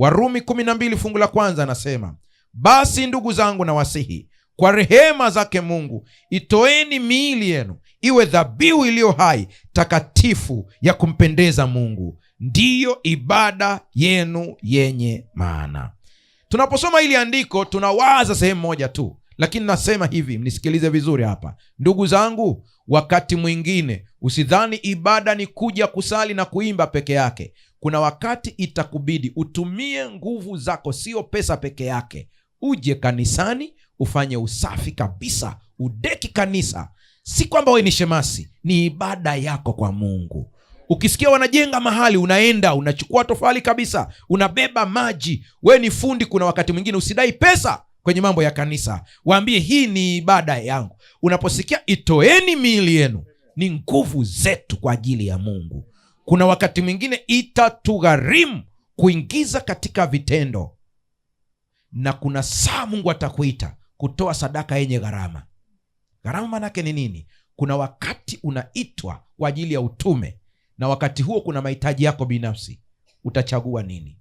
Warumi kumi na fungu la kwanza anasema, basi ndugu zangu nawasihi kwa rehema zake Mungu itoeni miili yenu iwe dhabihu iliyo hai takatifu ya kumpendeza Mungu, ndiyo ibada yenu yenye maana. Tunaposoma hili andiko tunawaza sehemu moja tu, lakini nasema hivi, mnisikilize vizuri hapa, ndugu zangu. Wakati mwingine usidhani ibada ni kuja kusali na kuimba peke yake kuna wakati itakubidi utumie nguvu zako, sio pesa peke yake. Uje kanisani ufanye usafi kabisa, udeki kanisa. Si kwamba we ni shemasi, ni ibada yako kwa Mungu. Ukisikia wanajenga mahali, unaenda unachukua tofali kabisa, unabeba maji. We ni fundi, kuna wakati mwingine usidai pesa kwenye mambo ya kanisa, waambie hii ni ibada yangu. Unaposikia itoeni miili yenu, ni nguvu zetu kwa ajili ya Mungu kuna wakati mwingine itatugharimu kuingiza katika vitendo, na kuna saa Mungu atakuita kutoa sadaka yenye gharama. Gharama maanake ni nini? Kuna wakati unaitwa kwa ajili ya utume, na wakati huo kuna mahitaji yako binafsi. Utachagua nini?